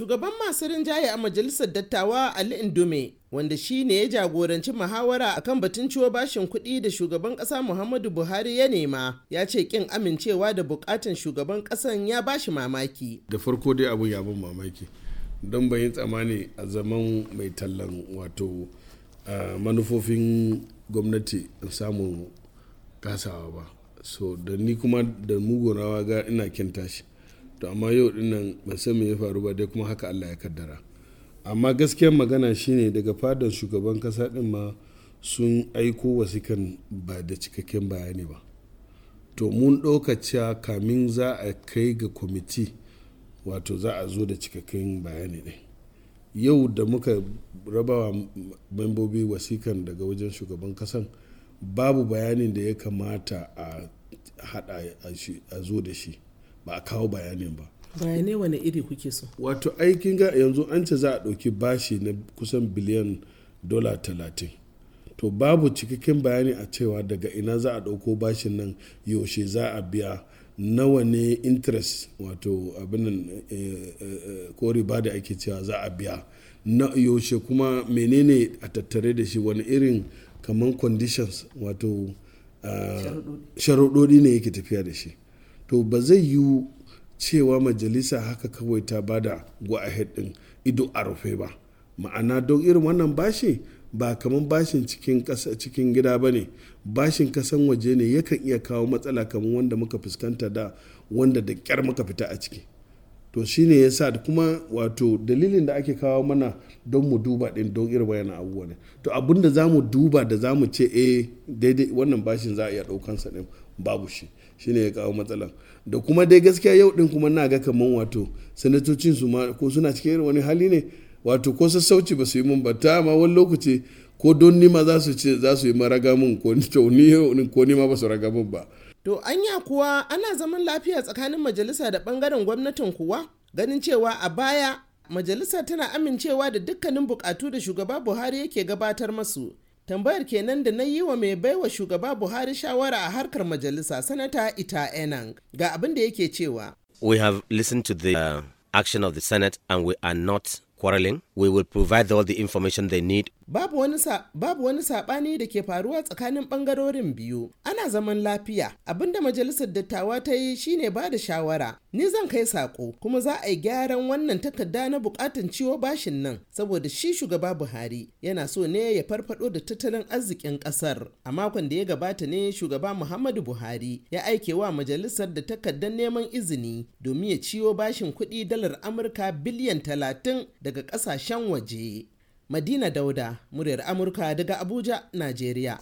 Shugaban masu rinjaye a majalisar dattawa Ali Indume wanda shi ne ya jagoranci muhawara kan batun ciwo bashin kuɗi da shugaban ƙasa Muhammadu Buhari ya nema ya ce kin amincewa da bukatan shugaban ƙasan ya ba shi mamaki. Da farko dai abun yabon mamaki don bai yi tsammani a zaman mai tallan wato manufofin gwamnati samun samu kasawa ba. So da ni kuma da mugun rawa ga ina kinta shi. to amma yau dinnan ban san me ya faru ba dai kuma haka allah ya kaddara amma gaskiyar magana shine daga fadar shugaban kasa din ma sun aiko wasikan ba da cikakken bayani ba to mun ɗaukaca kamin za a kai ga kwamiti wato za a zo da cikakken bayani ne yau da muka rabawa membobi wasikan daga wajen shugaban kasan babu bayanin da ya kamata a hada a zo da shi ba a kawo bayanin ba bayanai wani iri kuke so wato aikin ga yanzu an ce za a ɗauki bashi na kusan biliyan dola talatin to babu cikakken bayani a cewa daga ina za a ɗauko bashin nan yaushe za a biya nawa ne interest wato abin eh, eh, eh, ko riba da ake cewa za a biya na yaushe kuma menene a tattare da shi wani irin kamar conditions wato ah, sharuɗoɗi ne yake tafiya da shi to ba zai yiwu cewa majalisa haka kawai ta bada go ɗin ido a rufe ba ma'ana don irin wannan bashi ba kamar bashin cikin ƙasa cikin gida ba ne bashin kasan waje ne yakan iya kawo matsala kamar wanda muka fuskanta da wanda da ƙyar muka fita a ciki to shi ne ya sa kuma wato dalilin da ake kawo mana don mu duba din don irin bayanan abubuwa ne to abin da za mu duba da za mu ce eh daidai wannan bashin za a iya ɗaukansa ɗin babu shi ne ya kawo matsalan da kuma dai gaskiya yau din kuma na ga kaman wato sanatocin su ma ko suna cikin wani hali ne wato ko sassauci ba su yi mun ba ta ma wani lokaci ko don nima za su ce za su yi ma mun ko ni ko ma ba su raga mun ba To anya kuwa ana zaman lafiya tsakanin majalisa da bangaren gwamnatin kuwa ganin cewa a baya Majalisa tana amincewa da dukkanin bukatu da shugaba Buhari yake gabatar masu. Tambayar kenan da na yi wa mai baiwa shugaba Buhari shawara a harkar majalisa sanata Ita Enang ga abin da yake cewa. We have listened to the uh, action of the Senate and we are not quarreling, we will provide all the information they need. Babu wani saɓani da ke faruwa tsakanin ɓangarorin biyu. Ana zaman lafiya. Abinda majalisar dattawa ta yi shine ba da shawara. Ni zan kai sako kuma za a yi gyaran wannan takarda na bukatan ciwo bashin nan saboda shi shugaba Buhari yana so ne ya farfado da tattalin arzikin kasar. A makon da ya gabata ne shugaba Muhammadu Buhari ya aike wa majalisar da takardar neman izini domin ya ciwo bashin kuɗi dalar Amurka biliyan talatin da daga ƙasashen waje. Madina Dauda, muryar Amurka daga Abuja, Najeriya.